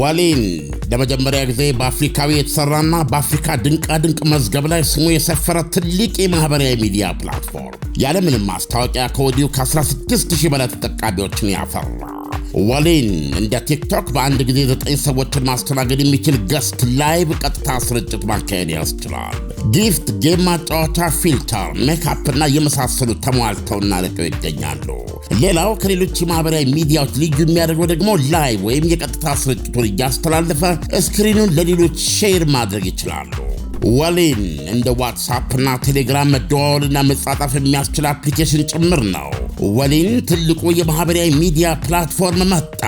ዋሌን ለመጀመሪያ ጊዜ በአፍሪካዊ የተሰራና በአፍሪካ ድንቃድንቅ መዝገብ ላይ ስሙ የሰፈረ ትልቅ የማህበራዊ ሚዲያ ፕላትፎርም ያለምንም ማስታወቂያ ከወዲሁ ከ16 ሺህ በላይ ተጠቃሚዎችን ያፈራ ወሊን እንደ ቲክቶክ በአንድ ጊዜ ዘጠኝ ሰዎችን ማስተናገድ የሚችል ገስት ላይቭ ቀጥታ ስርጭት ማካሄድ ያስችላል። ጊፍት፣ ጌም ማጫወቻ፣ ፊልተር፣ እና የመሳሰሉ ተሟልተውና ለቀው ይገኛሉ። ሌላው ከሌሎች የማህበራዊ ሚዲያዎች ልዩ የሚያደርገው ደግሞ ላይቭ ወይም የቀጥታ ስርጭቱን እያስተላለፈ ስክሪኑን ለሌሎች ሼር ማድረግ ይችላሉ። ወሊን እንደ ዋትሳፕና ቴሌግራም እና መጻጣፍ የሚያስችል አፕሊኬሽን ጭምር ነው። ወሊን ትልቁ የማህበራዊ ሚዲያ ፕላትፎርም መጣ።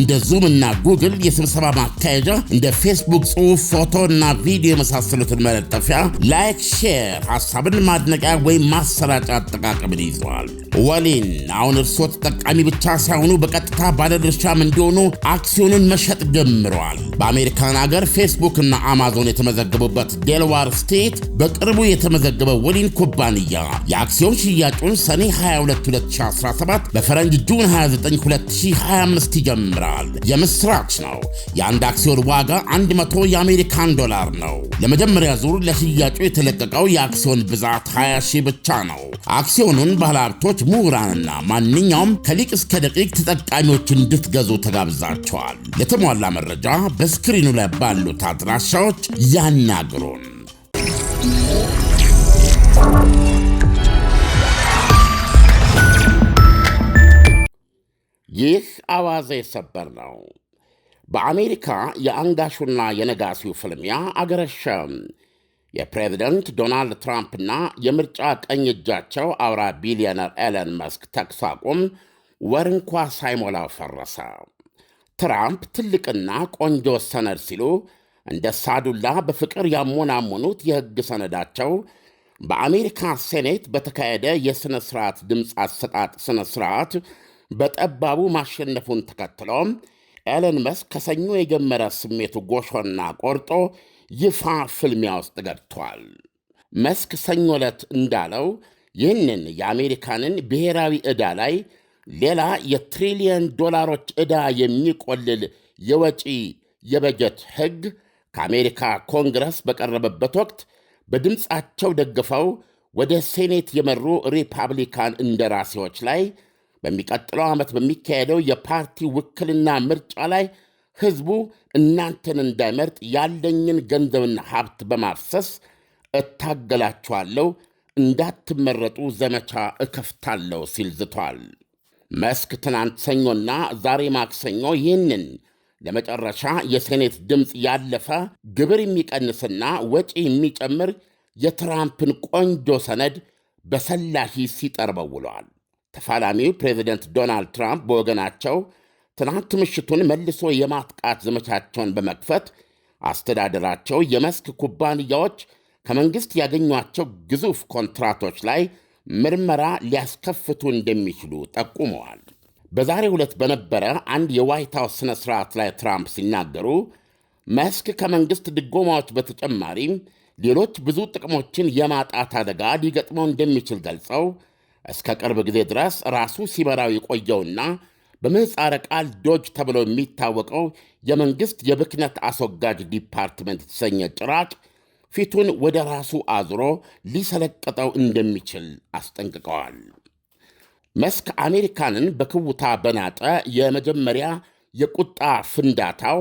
እንደ ዙም እና ጉግል የስብሰባ ማካሄጃ፣ እንደ ፌስቡክ ጽሑፍ፣ ፎቶ እና ቪዲዮ የመሳሰሉትን መለጠፊያ፣ ላይክ፣ ሼር፣ ሀሳብን ማድነቂያ ወይም ማሰራጫ አጠቃቀምን ይዘዋል። ወሊን አሁን እርስዎ ተጠቃሚ ብቻ ሳይሆኑ በቀጥታ ባለድርሻም እንዲሆኑ አክሲዮንን መሸጥ ጀምረዋል። በአሜሪካን አገር ፌስቡክ እና አማዞን የተመዘገቡበት ዴልዋር ስቴት በቅርቡ የተመዘገበ ወሊን ኩባንያ የአክሲዮን ሽያጩን ሰኔ 22 2017 በፈረንጅ ጁን 29 2025 ይጀምራል። ይጀምራል። የምስራች ነው። የአንድ አክሲዮን ዋጋ 100 የአሜሪካን ዶላር ነው። ለመጀመሪያ ዙር ለሽያጩ የተለቀቀው የአክሲዮን ብዛት 20 ሺህ ብቻ ነው። አክሲዮኑን ባለሀብቶች፣ ምሁራንና ማንኛውም ከሊቅ እስከ ደቂቅ ተጠቃሚዎች እንድትገዙ ተጋብዛቸዋል። ለተሟላ መረጃ በስክሪኑ ላይ ባሉት አድራሻዎች ያናግሩን። ይህ አዋዜ ሰበር ነው። በአሜሪካ የአንጋሹና የነጋሲው ፍልሚያ አገረሸ። የፕሬዝደንት ዶናልድ ትራምፕና የምርጫ ቀኝ እጃቸው አውራ ቢሊዮነር ኤለን መስክ ተኩስ አቁም ወር እንኳ ሳይሞላው ፈረሰ። ትራምፕ ትልቅና ቆንጆ ሰነድ ሲሉ እንደ ሳዱላ በፍቅር ያሞናሙኑት የሕግ ሰነዳቸው በአሜሪካ ሴኔት በተካሄደ የሥነ ሥርዓት ድምፅ አሰጣጥ ሥነ ሥርዓት በጠባቡ ማሸነፉን ተከትሎም ኤለን መስክ ከሰኞ የጀመረ ስሜቱ ጎሾና ቆርጦ ይፋ ፍልሚያ ውስጥ ገብቷል። መስክ ሰኞ ዕለት እንዳለው ይህንን የአሜሪካንን ብሔራዊ ዕዳ ላይ ሌላ የትሪሊየን ዶላሮች ዕዳ የሚቆልል የወጪ የበጀት ሕግ ከአሜሪካ ኮንግረስ በቀረበበት ወቅት በድምፃቸው ደግፈው ወደ ሴኔት የመሩ ሪፐብሊካን እንደራሴዎች ላይ በሚቀጥለው ዓመት በሚካሄደው የፓርቲ ውክልና ምርጫ ላይ ሕዝቡ እናንተን እንዳይመርጥ ያለኝን ገንዘብና ሀብት በማፍሰስ እታገላችኋለሁ፣ እንዳትመረጡ ዘመቻ እከፍታለሁ ሲል ዝቷል። መስክ ትናንት ሰኞና ዛሬ ማክሰኞ ይህንን ለመጨረሻ የሴኔት ድምፅ ያለፈ ግብር የሚቀንስና ወጪ የሚጨምር የትራምፕን ቆንጆ ሰነድ በሰላሂ ሲጠርበው ውሏል። ተፋላሚው ፕሬዚደንት ዶናልድ ትራምፕ በወገናቸው ትናንት ምሽቱን መልሶ የማጥቃት ዘመቻቸውን በመክፈት አስተዳደራቸው የመስክ ኩባንያዎች ከመንግሥት ያገኟቸው ግዙፍ ኮንትራቶች ላይ ምርመራ ሊያስከፍቱ እንደሚችሉ ጠቁመዋል። በዛሬ ዕለት በነበረ አንድ የዋይት ሃውስ ሥነ ሥርዓት ላይ ትራምፕ ሲናገሩ መስክ ከመንግሥት ድጎማዎች በተጨማሪም ሌሎች ብዙ ጥቅሞችን የማጣት አደጋ ሊገጥመው እንደሚችል ገልጸው እስከ ቅርብ ጊዜ ድረስ ራሱ ሲመራው የቆየውና በምህፃረ ቃል ዶጅ ተብሎ የሚታወቀው የመንግሥት የብክነት አስወጋጅ ዲፓርትመንት የተሰኘ ጭራቅ ፊቱን ወደ ራሱ አዙሮ ሊሰለቀጠው እንደሚችል አስጠንቅቀዋል። መስክ አሜሪካንን በክውታ በናጠ የመጀመሪያ የቁጣ ፍንዳታው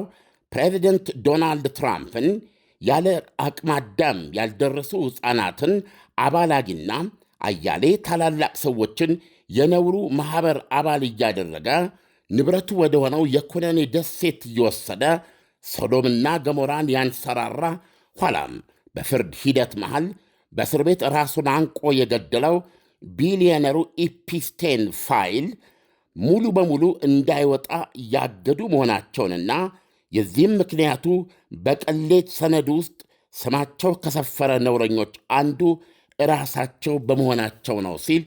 ፕሬዚደንት ዶናልድ ትራምፕን ያለ አቅማዳም ያልደረሱ ሕፃናትን አባላጊና አያሌ ታላላቅ ሰዎችን የነውሩ ማኅበር አባል እያደረገ ንብረቱ ወደ ሆነው የኮነኔ ደሴት እየወሰደ ሶዶምና ገሞራን ያንሰራራ ኋላም በፍርድ ሂደት መሃል በእስር ቤት ራሱን አንቆ የገደለው ቢሊዮነሩ ኢፒስቴን ፋይል ሙሉ በሙሉ እንዳይወጣ ያገዱ መሆናቸውንና የዚህም ምክንያቱ በቅሌት ሰነድ ውስጥ ስማቸው ከሰፈረ ነውረኞች አንዱ ራሳቸው በመሆናቸው ነው ሲል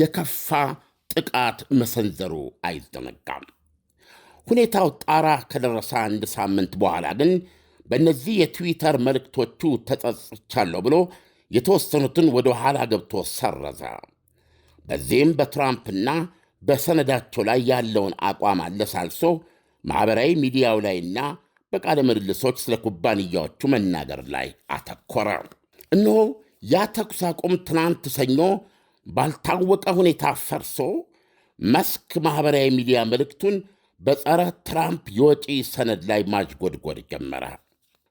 የከፋ ጥቃት መሰንዘሩ አይዘነጋም። ሁኔታው ጣራ ከደረሰ አንድ ሳምንት በኋላ ግን በእነዚህ የትዊተር መልእክቶቹ ተጸጽቻለሁ ብሎ የተወሰኑትን ወደ ኋላ ገብቶ ሰረዘ። በዚህም በትራምፕና በሰነዳቸው ላይ ያለውን አቋም አለሳልሶ ማኅበራዊ ሚዲያው ላይና በቃለ ምልልሶች ስለ ኩባንያዎቹ መናገር ላይ አተኮረ። እነሆ ያ ተኩስ አቁም ትናንት ሰኞ ባልታወቀ ሁኔታ ፈርሶ መስክ ማኅበራዊ ሚዲያ መልእክቱን በጸረ ትራምፕ የወጪ ሰነድ ላይ ማጅጎድጎድ ጀመረ።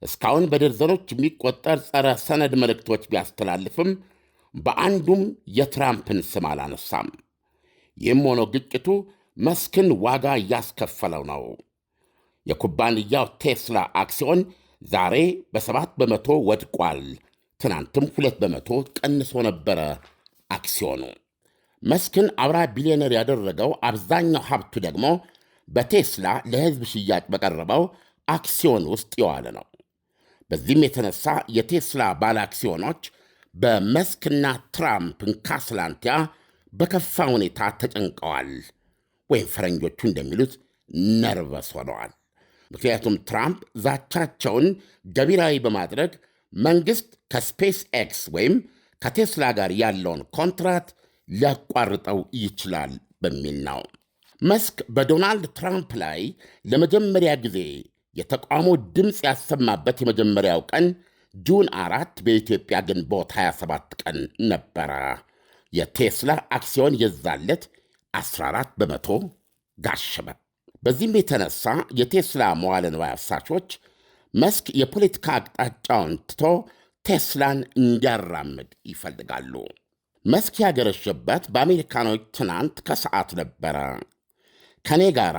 እስካሁን በደርዘኖች የሚቆጠር ጸረ ሰነድ መልእክቶች ቢያስተላልፍም በአንዱም የትራምፕን ስም አላነሳም። ይህም ሆኖ ግጭቱ መስክን ዋጋ እያስከፈለው ነው። የኩባንያው ቴስላ አክሲዮን ዛሬ በሰባት በመቶ ወድቋል ትናንትም ሁለት በመቶ ቀንሶ ነበረ አክሲዮኑ። መስክን አብራ ቢሊዮነር ያደረገው አብዛኛው ሀብቱ ደግሞ በቴስላ ለሕዝብ ሽያጭ በቀረበው አክሲዮን ውስጥ የዋለ ነው። በዚህም የተነሳ የቴስላ ባለ አክሲዮኖች በመስክና ትራምፕ እንካስላንቲያ በከፋ ሁኔታ ተጨንቀዋል፣ ወይም ፈረንጆቹ እንደሚሉት ነርቨስ ሆነዋል። ምክንያቱም ትራምፕ ዛቻቸውን ገቢራዊ በማድረግ መንግሥት ከስፔስ ኤክስ ወይም ከቴስላ ጋር ያለውን ኮንትራት ሊያቋርጠው ይችላል በሚል ነው። መስክ በዶናልድ ትራምፕ ላይ ለመጀመሪያ ጊዜ የተቃውሞ ድምፅ ያሰማበት የመጀመሪያው ቀን ጁን አራት በኢትዮጵያ ግንቦት 27 ቀን ነበረ። የቴስላ አክሲዮን የዛለት 14 በመቶ ጋሸበ። በዚህም የተነሳ የቴስላ መዋለ ንዋይ አፍሳሾች መስክ የፖለቲካ አቅጣጫውን ትቶ ቴስላን እንዲያራምድ ይፈልጋሉ። መስክ ያገረሸበት በአሜሪካኖች ትናንት ከሰዓት ነበረ። ከእኔ ጋር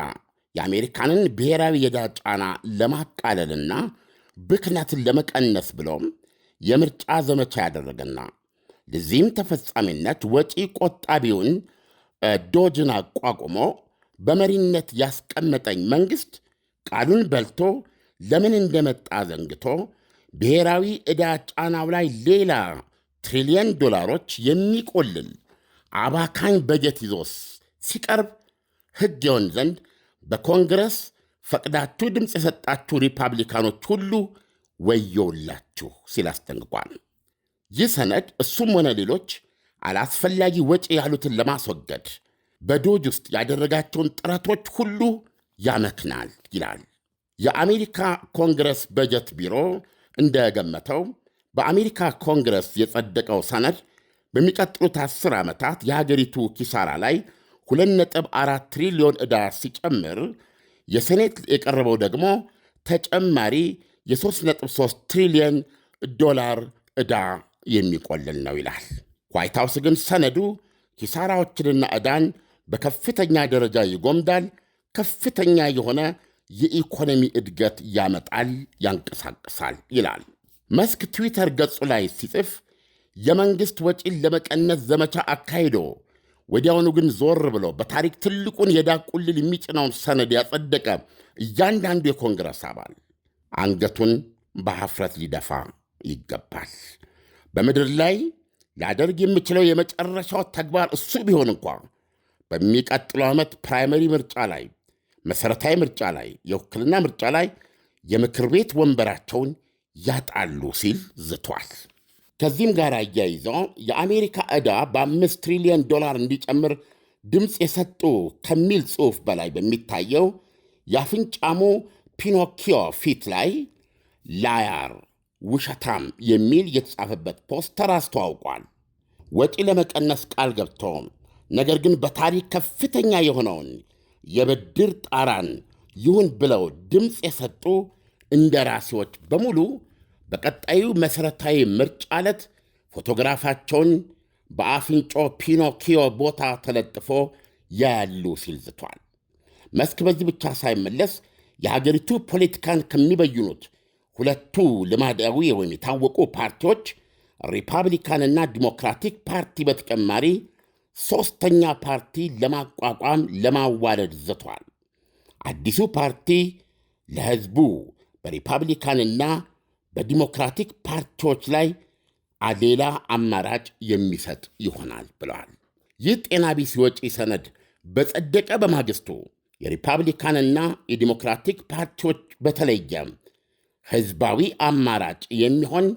የአሜሪካንን ብሔራዊ የዕዳ ጫና ለማቃለልና ብክነትን ለመቀነስ ብሎም የምርጫ ዘመቻ ያደረገና ለዚህም ተፈጻሚነት ወጪ ቆጣቢውን ዶጅን አቋቁሞ በመሪነት ያስቀመጠኝ መንግሥት ቃሉን በልቶ ለምን እንደመጣ ዘንግቶ ብሔራዊ ዕዳ ጫናው ላይ ሌላ ትሪሊየን ዶላሮች የሚቆልል አባካኝ በጀት ይዞስ ሲቀርብ ሕግ ይሆን ዘንድ በኮንግረስ ፈቅዳችሁ ድምፅ የሰጣችሁ ሪፐብሊካኖች ሁሉ ወዮላችሁ ሲል አስጠንቅቋል። ይህ ሰነድ እሱም ሆነ ሌሎች አላስፈላጊ ወጪ ያሉትን ለማስወገድ በዶጅ ውስጥ ያደረጋቸውን ጥረቶች ሁሉ ያመክናል ይላል። የአሜሪካ ኮንግረስ በጀት ቢሮ እንደገመተው በአሜሪካ ኮንግረስ የጸደቀው ሰነድ በሚቀጥሉት አስር ዓመታት የሀገሪቱ ኪሳራ ላይ 2.4 ትሪሊዮን ዕዳ ሲጨምር የሴኔት የቀረበው ደግሞ ተጨማሪ የ3.3 ትሪሊዮን ዶላር ዕዳ የሚቆልል ነው ይላል። ዋይት ሃውስ ግን ሰነዱ ኪሳራዎችንና ዕዳን በከፍተኛ ደረጃ ይጎምዳል፣ ከፍተኛ የሆነ የኢኮኖሚ እድገት ያመጣል፣ ያንቀሳቅሳል ይላል። መስክ ትዊተር ገጹ ላይ ሲጽፍ የመንግሥት ወጪን ለመቀነስ ዘመቻ አካሂዶ ወዲያውኑ ግን ዞር ብሎ በታሪክ ትልቁን የዕዳ ቁልል የሚጭነውን ሰነድ ያጸደቀ እያንዳንዱ የኮንግረስ አባል አንገቱን በሐፍረት ሊደፋ ይገባል። በምድር ላይ ላደርግ የምችለው የመጨረሻው ተግባር እሱ ቢሆን እንኳ በሚቀጥለው ዓመት ፕራይመሪ ምርጫ ላይ መሠረታዊ ምርጫ ላይ የውክልና ምርጫ ላይ የምክር ቤት ወንበራቸውን ያጣሉ ሲል ዝቷል። ከዚህም ጋር አያይዘው የአሜሪካ ዕዳ በአምስት ትሪሊዮን ዶላር እንዲጨምር ድምፅ የሰጡ ከሚል ጽሑፍ በላይ በሚታየው የአፍንጫሙ ፒኖኪዮ ፊት ላይ ላያር ውሸታም የሚል የተጻፈበት ፖስተር አስተዋውቋል። ወጪ ለመቀነስ ቃል ገብቶ ነገር ግን በታሪክ ከፍተኛ የሆነውን የብድር ጣራን ይሁን ብለው ድምፅ የሰጡ እንደራሴዎች በሙሉ በቀጣዩ መሠረታዊ ምርጫ ዕለት ፎቶግራፋቸውን በአፍንጮ ፒኖኪዮ ቦታ ተለጥፎ ያያሉ ሲል ዝቷል። መስክ በዚህ ብቻ ሳይመለስ የሀገሪቱ ፖለቲካን ከሚበይኑት ሁለቱ ልማዳዊ ወይም የታወቁ ፓርቲዎች ሪፐብሊካንና ዲሞክራቲክ ፓርቲ በተጨማሪ ሦስተኛ ፓርቲ ለማቋቋም ለማዋለድ ዝቷል። አዲሱ ፓርቲ ለሕዝቡ በሪፐብሊካንና በዲሞክራቲክ ፓርቲዎች ላይ ሌላ አማራጭ የሚሰጥ ይሆናል ብለዋል። ይህ ጤና ቢስ ወጪ ሰነድ በጸደቀ በማግስቱ የሪፐብሊካንና የዲሞክራቲክ ፓርቲዎች በተለየ ሕዝባዊ አማራጭ የሚሆን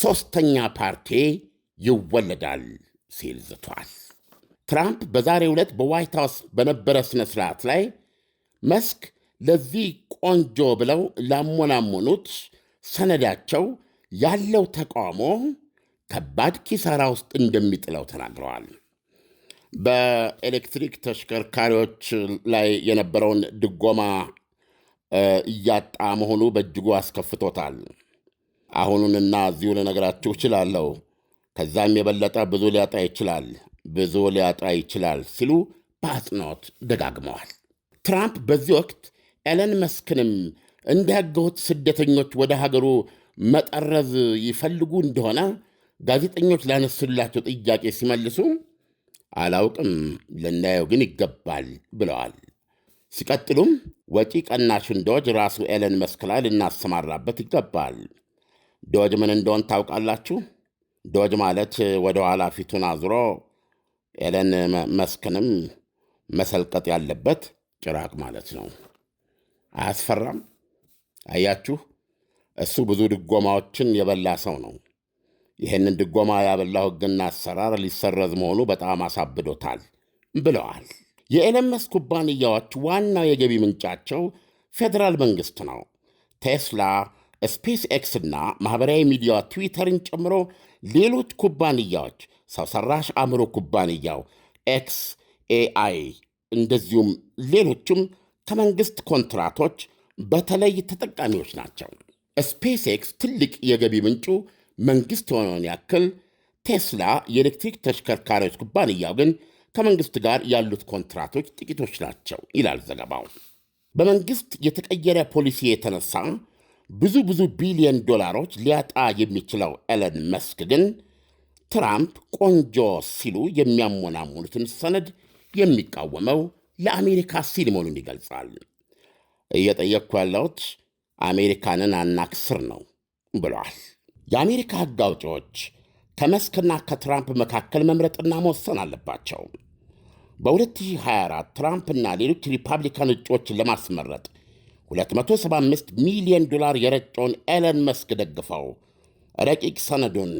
ሦስተኛ ፓርቲ ይወለዳል ሲል ዝቷል። ትራምፕ በዛሬው ዕለት በዋይት ሃውስ በነበረ ሥነ ሥርዓት ላይ መስክ ለዚህ ቆንጆ ብለው ላሞናሞኑት ሰነዳቸው ያለው ተቃውሞ ከባድ ኪሳራ ውስጥ እንደሚጥለው ተናግረዋል። በኤሌክትሪክ ተሽከርካሪዎች ላይ የነበረውን ድጎማ እያጣ መሆኑ በእጅጉ አስከፍቶታል። አሁኑንና እዚሁ ልነግራችሁ እችላለሁ። ከዛም የበለጠ ብዙ ሊያጣ ይችላል። ብዙ ሊያጣ ይችላል ሲሉ በአጽንኦት ደጋግመዋል። ትራምፕ በዚህ ወቅት ኤለን መስክንም እንደ ሕገወጥ ስደተኞች ወደ ሀገሩ መጠረዝ ይፈልጉ እንደሆነ ጋዜጠኞች ላነሱላቸው ጥያቄ ሲመልሱ አላውቅም፣ ልናየው ግን ይገባል ብለዋል። ሲቀጥሉም ወጪ ቀናሹን ዶጅ ራሱ ኤለን መስክ ላይ ልናሰማራበት ይገባል። ዶጅ ምን እንደሆን ታውቃላችሁ? ዶጅ ማለት ወደ ኋላ ፊቱን አዙሮ ኤለን መስክንም መሰልቀጥ ያለበት ጭራቅ ማለት ነው። አያስፈራም? አያችሁ፣ እሱ ብዙ ድጎማዎችን የበላ ሰው ነው። ይህንን ድጎማ ያበላው ሕግና አሰራር ሊሰረዝ መሆኑ በጣም አሳብዶታል ብለዋል። የኤለን መስክ ኩባንያዎች ዋናው የገቢ ምንጫቸው ፌዴራል መንግሥት ነው። ቴስላ፣ ስፔስ ኤክስ እና ማኅበራዊ ሚዲያ ትዊተርን ጨምሮ ሌሎች ኩባንያዎች ሰው ሰራሽ አእምሮ ኩባንያው ኤክስ ኤአይ እንደዚሁም ሌሎቹም ከመንግሥት ኮንትራቶች በተለይ ተጠቃሚዎች ናቸው። ስፔስ ኤክስ ትልቅ የገቢ ምንጩ መንግሥት የሆነውን ያክል ቴስላ የኤሌክትሪክ ተሽከርካሪዎች ኩባንያው ግን ከመንግሥት ጋር ያሉት ኮንትራቶች ጥቂቶች ናቸው ይላል ዘገባው። በመንግሥት የተቀየረ ፖሊሲ የተነሳ ብዙ ብዙ ቢሊዮን ዶላሮች ሊያጣ የሚችለው ኤለን መስክ ግን ትራምፕ ቆንጆ ሲሉ የሚያሞናሙኑትን ሰነድ የሚቃወመው ለአሜሪካ ሲል መሆኑን ይገልጻል። እየጠየቅኩ ያለሁት አሜሪካንን አናክስር ነው ብለዋል። የአሜሪካ ሕግ አውጪዎች ከመስክና ከትራምፕ መካከል መምረጥና መወሰን አለባቸው። በ2024 ትራምፕና ሌሎች ሪፐብሊካን እጩዎችን ለማስመረጥ 275 ሚሊዮን ዶላር የረጨውን ኤለን መስክ ደግፈው ረቂቅ ሰነዱን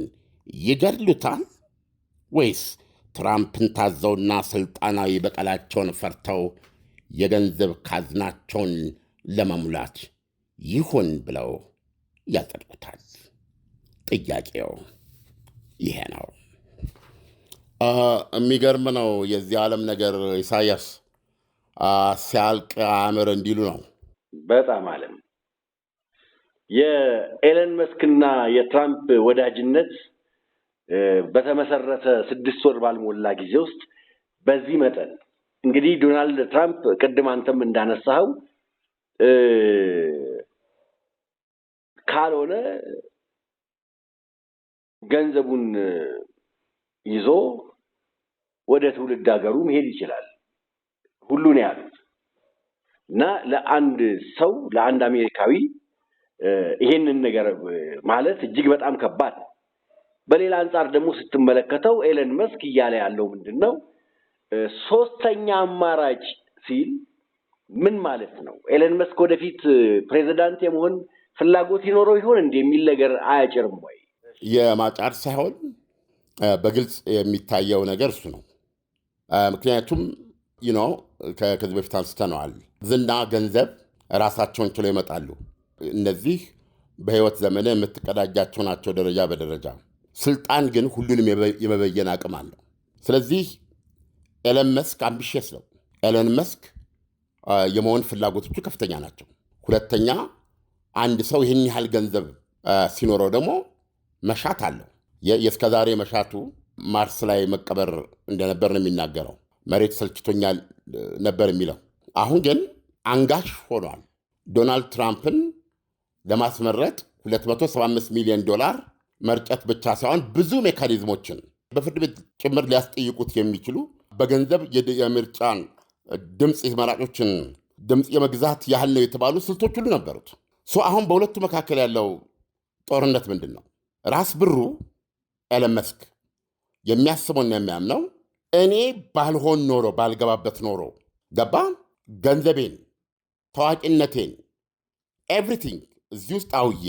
ይገድሉታል ወይስ ትራምፕን ታዘውና ሥልጣናዊ በቀላቸውን ፈርተው የገንዘብ ካዝናቸውን ለመሙላት ይሁን ብለው ያጸድቁታል? ጥያቄው ይሄ ነው። የሚገርም ነው። የዚህ ዓለም ነገር ኢሳያስ ሲያልቅ አእምር እንዲሉ ነው። በጣም ዓለም የኤለን መስክና የትራምፕ ወዳጅነት በተመሰረተ ስድስት ወር ባልሞላ ጊዜ ውስጥ በዚህ መጠን እንግዲህ ዶናልድ ትራምፕ ቅድም አንተም እንዳነሳኸው ካልሆነ ገንዘቡን ይዞ ወደ ትውልድ ሀገሩ መሄድ ይችላል ሁሉን ያሉት እና ለአንድ ሰው ለአንድ አሜሪካዊ ይሄንን ነገር ማለት እጅግ በጣም ከባድ በሌላ አንጻር ደግሞ ስትመለከተው ኤለን መስክ እያለ ያለው ምንድን ነው? ሶስተኛ አማራጭ ሲል ምን ማለት ነው? ኤለን መስክ ወደፊት ፕሬዚዳንት የመሆን ፍላጎት ይኖረው ይሆን እንዲ የሚል ነገር አያጭርም ወይ? የማጫር ሳይሆን በግልጽ የሚታየው ነገር እሱ ነው። ምክንያቱም ይኖ ከዚህ በፊት አንስተነዋል። ዝና፣ ገንዘብ ራሳቸውን ችሎ ይመጣሉ። እነዚህ በህይወት ዘመን የምትቀዳጃቸው ናቸው ደረጃ በደረጃ ስልጣን ግን ሁሉንም የመበየን አቅም አለው። ስለዚህ ኤለን መስክ አምቢሽስ ነው። ኤለን መስክ የመሆን ፍላጎቶቹ ከፍተኛ ናቸው። ሁለተኛ አንድ ሰው ይህን ያህል ገንዘብ ሲኖረው ደግሞ መሻት አለው። የእስከዛሬ መሻቱ ማርስ ላይ መቀበር እንደነበር ነው የሚናገረው። መሬት ሰልችቶኛል ነበር የሚለው። አሁን ግን አንጋሽ ሆኗል። ዶናልድ ትራምፕን ለማስመረጥ 275 ሚሊዮን ዶላር መርጨት ብቻ ሳይሆን ብዙ ሜካኒዝሞችን በፍርድ ቤት ጭምር ሊያስጠይቁት የሚችሉ በገንዘብ የምርጫን ድምፅ መራጮችን ድምፅ የመግዛት ያህል ነው የተባሉ ስልቶች ሁሉ ነበሩት። አሁን በሁለቱ መካከል ያለው ጦርነት ምንድን ነው? ራስ ብሩ ኤለን መስክ የሚያስበውና የሚያምነው እኔ ባልሆን ኖሮ ባልገባበት ኖሮ ገባ ገንዘቤን ታዋቂነቴን ኤቭሪቲንግ እዚህ ውስጥ አውዬ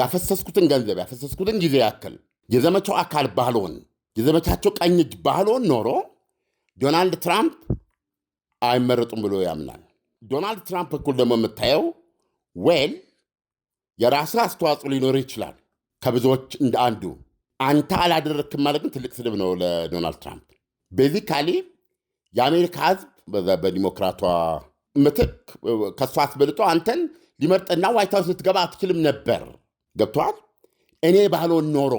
ያፈሰስኩትን ገንዘብ ያፈሰስኩትን ጊዜ ያክል የዘመቻው አካል ባልሆን የዘመቻቸው ቀኝ እጅ ባልሆን ኖሮ ዶናልድ ትራምፕ አይመረጡም ብሎ ያምናል። ዶናልድ ትራምፕ እኩል ደግሞ የምታየው ዌል የራስ አስተዋጽኦ ሊኖር ይችላል ከብዙዎች እንደ አንዱ አንተ አላደረክ ማለት ግን ትልቅ ስድብ ነው ለዶናልድ ትራምፕ። ቤዚካሊ የአሜሪካ ሕዝብ በዲሞክራቷ ምትክ ከሷ አስበልጦ አንተን ሊመርጥና ዋይት ሀውስ ልትገባ አትችልም ነበር። ገብተዋል። እኔ ባልሆን ኖሮ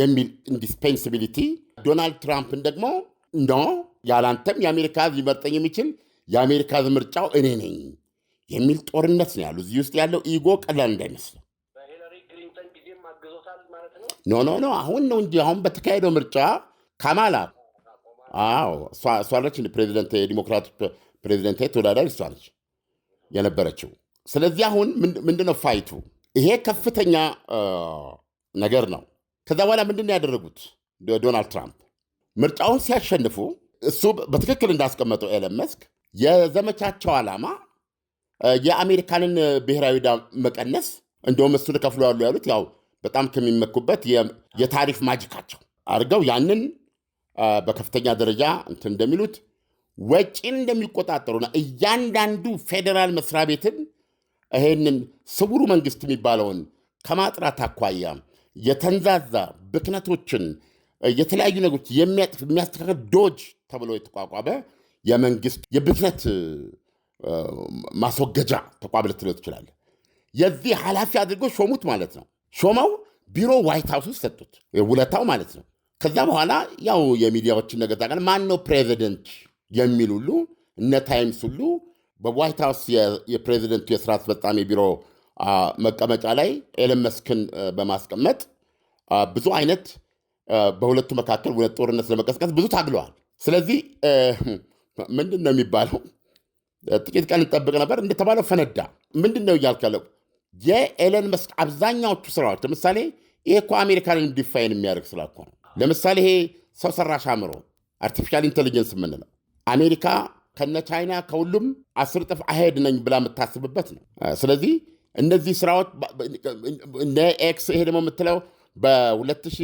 የሚል ኢንዲስፔንሲቢሊቲ ዶናልድ ትራምፕን ደግሞ ኖ ያላንተም የአሜሪካ ሕዝብ ሊመርጠኝ የሚችል የአሜሪካ ሕዝብ ምርጫው እኔ ነኝ የሚል ጦርነት ነው ያሉ። እዚህ ውስጥ ያለው ኢጎ ቀላል እንዳይመስል ኖ ኖ ኖ አሁን ነው እንጂ አሁን በተካሄደው ምርጫ ካማላ አዎ እሷ ነች ፕሬዚደንት የዲሞክራቱ ፕሬዚደንት ተወዳዳሪ እሷ ነች የነበረችው። ስለዚህ አሁን ምንድነው ፋይቱ? ይሄ ከፍተኛ ነገር ነው። ከዛ በኋላ ምንድን ያደረጉት? ዶናልድ ትራምፕ ምርጫውን ሲያሸንፉ እሱ በትክክል እንዳስቀመጠው ኤለን መስክ የዘመቻቸው ዓላማ የአሜሪካንን ብሔራዊ ዕዳ መቀነስ፣ እንደውም እሱን ከፍሎ ያሉ ያሉት ያው በጣም ከሚመኩበት የታሪፍ ማጅካቸው አድርገው ያንን በከፍተኛ ደረጃ እንትን እንደሚሉት ወጪን እንደሚቆጣጠሩና እያንዳንዱ ፌዴራል መስሪያ ቤትን ይሄንን ስውሩ መንግስት የሚባለውን ከማጥራት አኳያ የተንዛዛ ብክነቶችን፣ የተለያዩ ነገሮች የሚያስተካከል ዶጅ ተብሎ የተቋቋመ የመንግስት የብክነት ማስወገጃ ተቋም ልትለው ትችላለ። የዚህ ኃላፊ አድርጎ ሾሙት ማለት ነው። ሾመው ቢሮ ዋይት ሀውስ ውስጥ ሰጡት፣ ውለታው ማለት ነው። ከዛ በኋላ ያው የሚዲያዎችን ነገር ታውቃለህ። ማን ነው ፕሬዚደንት የሚል ሁሉ እነ ታይምስ ሁሉ በዋይት ሀውስ የፕሬዚደንቱ የስራ አስፈጻሚ ቢሮ መቀመጫ ላይ ኤለን መስክን በማስቀመጥ ብዙ አይነት በሁለቱ መካከል ሁለት ጦርነት ለመቀስቀስ ብዙ ታግለዋል። ስለዚህ ምንድን ነው የሚባለው? ጥቂት ቀን እንጠብቅ ነበር እንደተባለው ፈነዳ። ምንድን ነው እያልክ ያለው? የኤለን መስክ አብዛኛዎቹ ስራዎች ለምሳሌ ይሄ እኮ አሜሪካንን ዲፋይን የሚያደርግ ስራ እኮ ነው። ለምሳሌ ይሄ ሰው ሰራሽ አእምሮ አርቲፊሻል ኢንቴሊጀንስ የምንለው አሜሪካ ከነ ቻይና ከሁሉም አስር ጥፍ አሄድ ነኝ ብላ የምታስብበት ነው። ስለዚህ እነዚህ ስራዎች እነ ኤክስ ይሄ ደግሞ የምትለው በ2000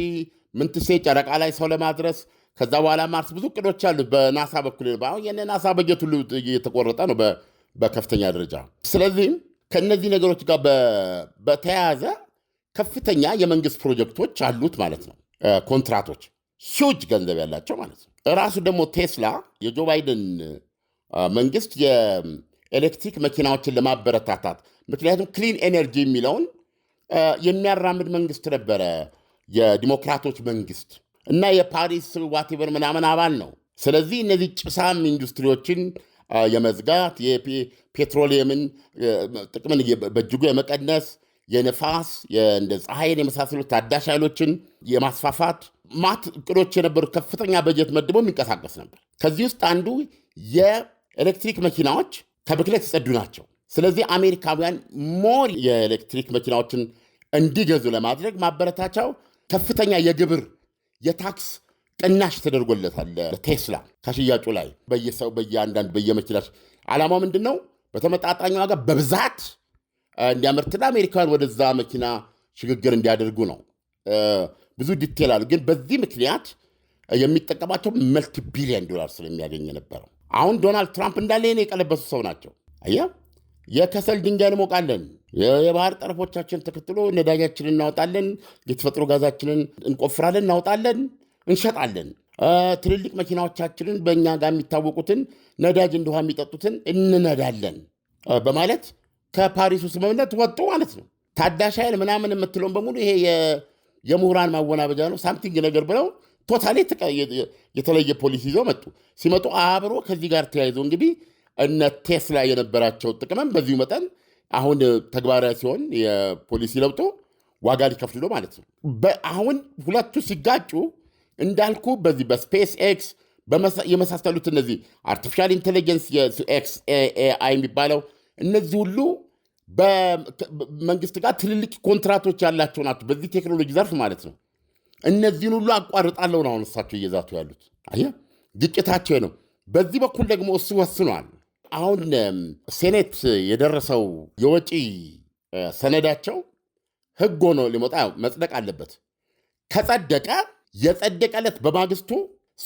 ምንትሴ ጨረቃ ላይ ሰው ለማድረስ ከዛ በኋላ ማርስ ብዙ እቅዶች አሉ በናሳ በኩል አሁን የነ ናሳ በጀት ሁሉ እየተቆረጠ ነው በከፍተኛ ደረጃ። ስለዚህም ከእነዚህ ነገሮች ጋር በተያያዘ ከፍተኛ የመንግስት ፕሮጀክቶች አሉት ማለት ነው። ኮንትራቶች ሂውጅ ገንዘብ ያላቸው ማለት ነው። እራሱ ደግሞ ቴስላ የጆ ባይደን መንግስት የኤሌክትሪክ መኪናዎችን ለማበረታታት ምክንያቱም ክሊን ኤነርጂ የሚለውን የሚያራምድ መንግስት ነበረ የዲሞክራቶች መንግስት እና የፓሪስ ዋቴቨር ምናምን አባል ነው። ስለዚህ እነዚህ ጭሳም ኢንዱስትሪዎችን የመዝጋት የፔትሮሊየምን ጥቅምን በእጅጉ የመቀነስ የነፋስ እንደ ፀሐይን የመሳሰሉት ታዳሽ ኃይሎችን የማስፋፋት ማት እቅዶች የነበሩ ከፍተኛ በጀት መድቦ የሚንቀሳቀስ ነበር። ከዚህ ውስጥ አንዱ ኤሌክትሪክ መኪናዎች ከብክለት የጸዱ ናቸው። ስለዚህ አሜሪካውያን ሞር የኤሌክትሪክ መኪናዎችን እንዲገዙ ለማድረግ ማበረታቻው ከፍተኛ የግብር የታክስ ቅናሽ ተደርጎለታል። ቴስላ ከሽያጩ ላይ በየሰው በየአንዳንድ በየመኪናች ዓላማው ምንድን ነው? በተመጣጣኝ ዋጋ በብዛት እንዲያመርትና አሜሪካውያን ወደዛ መኪና ሽግግር እንዲያደርጉ ነው። ብዙ ዲቴል አሉ፣ ግን በዚህ ምክንያት የሚጠቀማቸው መልቲ ቢሊዮን ዶላር ስለሚያገኝ ነበረው። አሁን ዶናልድ ትራምፕ እንዳለ ኔ የቀለበሱ ሰው ናቸው። አያ የከሰል ድንጋይ እንሞቃለን፣ የባህር ጠረፎቻችን ተከትሎ ነዳጃችንን እናወጣለን፣ የተፈጥሮ ጋዛችንን እንቆፍራለን፣ እናወጣለን፣ እንሸጣለን። ትልልቅ መኪናዎቻችንን በእኛ ጋር የሚታወቁትን ነዳጅ እንደውሃ የሚጠጡትን እንነዳለን በማለት ከፓሪሱ ስምምነት ወጡ ማለት ነው። ታዳሽ ኃይል ምናምን የምትለውን በሙሉ ይሄ የምሁራን ማወናበጃ ነው ሳምቲንግ ነገር ብለው ቶታሊ የተለየ ፖሊሲ ይዘው መጡ። ሲመጡ አብሮ ከዚህ ጋር ተያይዞ እንግዲህ እነ ቴስላ የነበራቸው ጥቅምም በዚሁ መጠን አሁን ተግባራዊ ሲሆን የፖሊሲ ለውጦ ዋጋ ሊከፍሉ ነው ማለት ነው። አሁን ሁለቱ ሲጋጩ እንዳልኩ በዚህ በስፔስ ኤክስ የመሳሰሉት እነዚህ አርቲፊሻል ኢንቴሊጀንስ ኤክስ ኤአይ የሚባለው እነዚህ ሁሉ በመንግስት ጋር ትልልቅ ኮንትራቶች ያላቸው ናቸው፣ በዚህ ቴክኖሎጂ ዘርፍ ማለት ነው። እነዚህን ሁሉ አቋርጣለሁ ነው አሁን እሳቸው እየዛቱ ያሉት። አየህ ግጭታቸው ነው። በዚህ በኩል ደግሞ እሱ ወስኗል። አሁን ሴኔት የደረሰው የወጪ ሰነዳቸው ህግ ሆኖ ሊመጣ መጽደቅ አለበት። ከጸደቀ የጸደቀለት በማግስቱ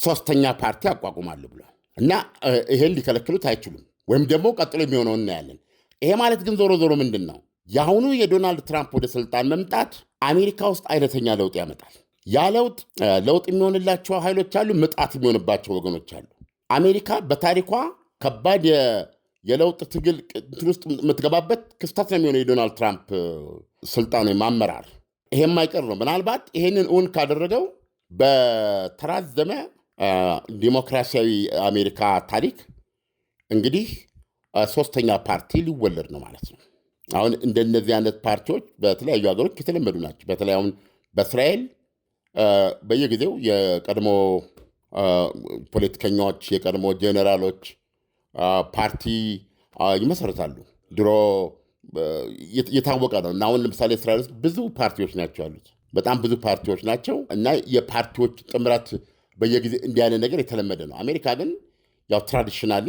ሶስተኛ ፓርቲ አቋቁማለሁ ብሏል እና ይሄን ሊከለክሉት አይችሉም። ወይም ደግሞ ቀጥሎ የሚሆነው እናያለን። ይሄ ማለት ግን ዞሮ ዞሮ ምንድን ነው የአሁኑ የዶናልድ ትራምፕ ወደ ስልጣን መምጣት አሜሪካ ውስጥ አይነተኛ ለውጥ ያመጣል። ያ ለውጥ ለውጥ የሚሆንላቸው ኃይሎች አሉ፣ ምጣት የሚሆንባቸው ወገኖች አሉ። አሜሪካ በታሪኳ ከባድ የለውጥ ትግል ውስጥ የምትገባበት ክስተት ነው የሚሆነው የዶናልድ ትራምፕ ስልጣን ወይም አመራር። ይሄም የማይቀር ነው። ምናልባት ይሄንን እውን ካደረገው በተራዘመ ዲሞክራሲያዊ አሜሪካ ታሪክ እንግዲህ ሶስተኛ ፓርቲ ሊወለድ ነው ማለት ነው። አሁን እንደነዚህ አይነት ፓርቲዎች በተለያዩ ሀገሮች የተለመዱ ናቸው። በተለይ አሁን በእስራኤል በየጊዜው የቀድሞ ፖለቲከኞች የቀድሞ ጄኔራሎች ፓርቲ ይመሰረታሉ። ድሮ የታወቀ ነው እና አሁን ለምሳሌ እስራኤል ውስጥ ብዙ ፓርቲዎች ናቸው ያሉት፣ በጣም ብዙ ፓርቲዎች ናቸው እና የፓርቲዎች ጥምረት በየጊዜ እንዲህ አይነት ነገር የተለመደ ነው። አሜሪካ ግን ያው ትራዲሽናሊ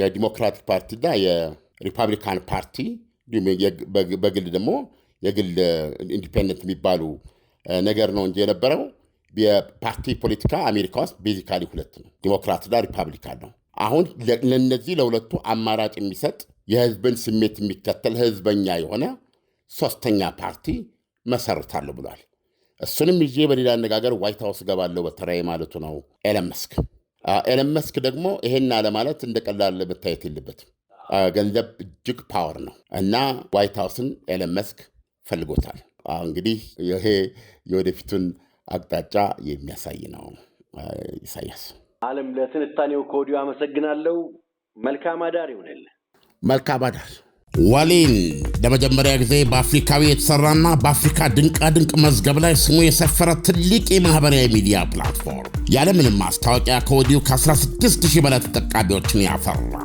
የዲሞክራቲክ ፓርቲና የሪፐብሊካን ፓርቲ እንዲሁም በግል ደግሞ የግል ኢንዲፔንደንት የሚባሉ ነገር ነው እንጂ የነበረው የፓርቲ ፖለቲካ አሜሪካ ውስጥ ቤዚካሊ ሁለት ነው፣ ዲሞክራትና ሪፐብሊካን ነው። አሁን ለነዚህ ለሁለቱ አማራጭ የሚሰጥ የህዝብን ስሜት የሚከተል ህዝበኛ የሆነ ሶስተኛ ፓርቲ መሰርታለሁ ብሏል። እሱንም ይዤ በሌላ አነጋገር ዋይት ሀውስ ገባለሁ በተራዬ ማለቱ ነው። ኤለን መስክ ኤለን መስክ ደግሞ ይሄን አለማለት እንደ ቀላል መታየት የለበትም። ገንዘብ እጅግ ፓወር ነው እና ዋይት ሀውስን ኤለን መስክ ፈልጎታል። እንግዲህ ይሄ የወደፊቱን አቅጣጫ የሚያሳይ ነው። ኢሳያስ አለም፣ ለትንታኔው ከወዲሁ አመሰግናለሁ። መልካም አዳር ይሆንል። መልካም አዳር። ዋሌን ለመጀመሪያ ጊዜ በአፍሪካዊ የተሰራና በአፍሪካ ድንቃድንቅ መዝገብ ላይ ስሙ የሰፈረ ትልቅ የማህበራዊ ሚዲያ ፕላትፎርም ያለምንም ማስታወቂያ ከወዲሁ ከ16 ሺህ በላይ ተጠቃሚዎችን ያፈራ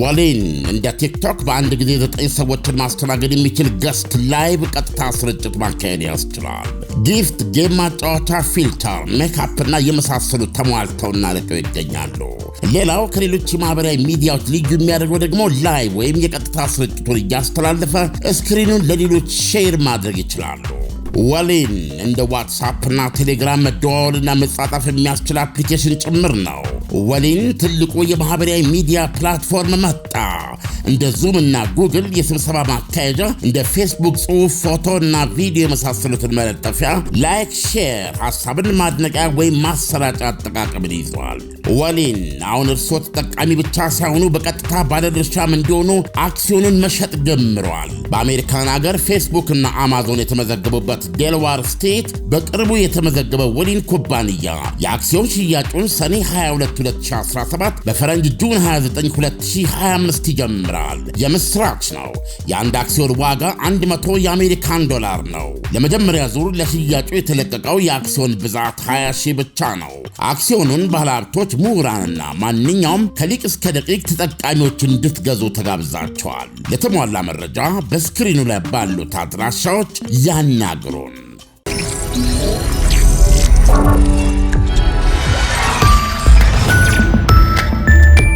ወሊን እንደ ቲክቶክ በአንድ ጊዜ ዘጠኝ ሰዎችን ማስተናገድ የሚችል ገስት ላይቭ ቀጥታ ስርጭት ማካሄድ ያስችላል። ጊፍት፣ ጌም ማጫወቻ፣ ፊልተር፣ ሜካፕና የመሳሰሉ ተሟልተውና ልቀው ይገኛሉ። ሌላው ከሌሎች የማህበራዊ ሚዲያዎች ልዩ የሚያደርገው ደግሞ ላይቭ ወይም የቀጥታ ስርጭቱን እያስተላለፈ ስክሪኑን ለሌሎች ሼር ማድረግ ይችላሉ። ወሊን እንደ ዋትሳፕና ቴሌግራም መደዋወልና መጻጣፍ የሚያስችል አፕሊኬሽን ጭምር ነው። ወሊን ትልቁ የማህበራዊ ሚዲያ ፕላትፎርም መጣ። እንደ ዙም እና ጉግል የስብሰባ ማካሄጃ፣ እንደ ፌስቡክ ጽሑፍ፣ እና ቪዲዮ የመሳሰሉትን መለጠፊያ፣ ላይክ፣ ሼር፣ ሀሳብን ማድነቂያ ወይም ማሰራጫ አጠቃቀምን ይዘዋል። ወሊን አሁን እርስዎ ተጠቃሚ ብቻ ሳይሆኑ በቀጥታ ባለድርሻም እንዲሆኑ አክሲዮኑን መሸጥ ጀምረዋል። በአሜሪካን አገር ፌስቡክ እና አማዞን የተመዘገቡበት ዴልዋር ስቴት በቅርቡ የተመዘገበ ወሊን ኩባንያ የአክሲዮን ሽያጩን ሰኔ 22 2017 በፈረንጅ ጁን 29 2025 ይጀምራል። የምስራች ነው። የአንድ አክሲዮን ዋጋ 100 የአሜሪካን ዶላር ነው። ለመጀመሪያ ዙር ለሽያጩ የተለቀቀው የአክሲዮን ብዛት 20 ሺህ ብቻ ነው። አክሲዮኑን ባለሀብቶች ሰዎች፣ ምሁራንና ማንኛውም ከሊቅ እስከ ደቂቅ ተጠቃሚዎች እንድትገዙ ተጋብዛቸዋል። የተሟላ መረጃ በስክሪኑ ላይ ባሉት አድራሻዎች ያናግሩን።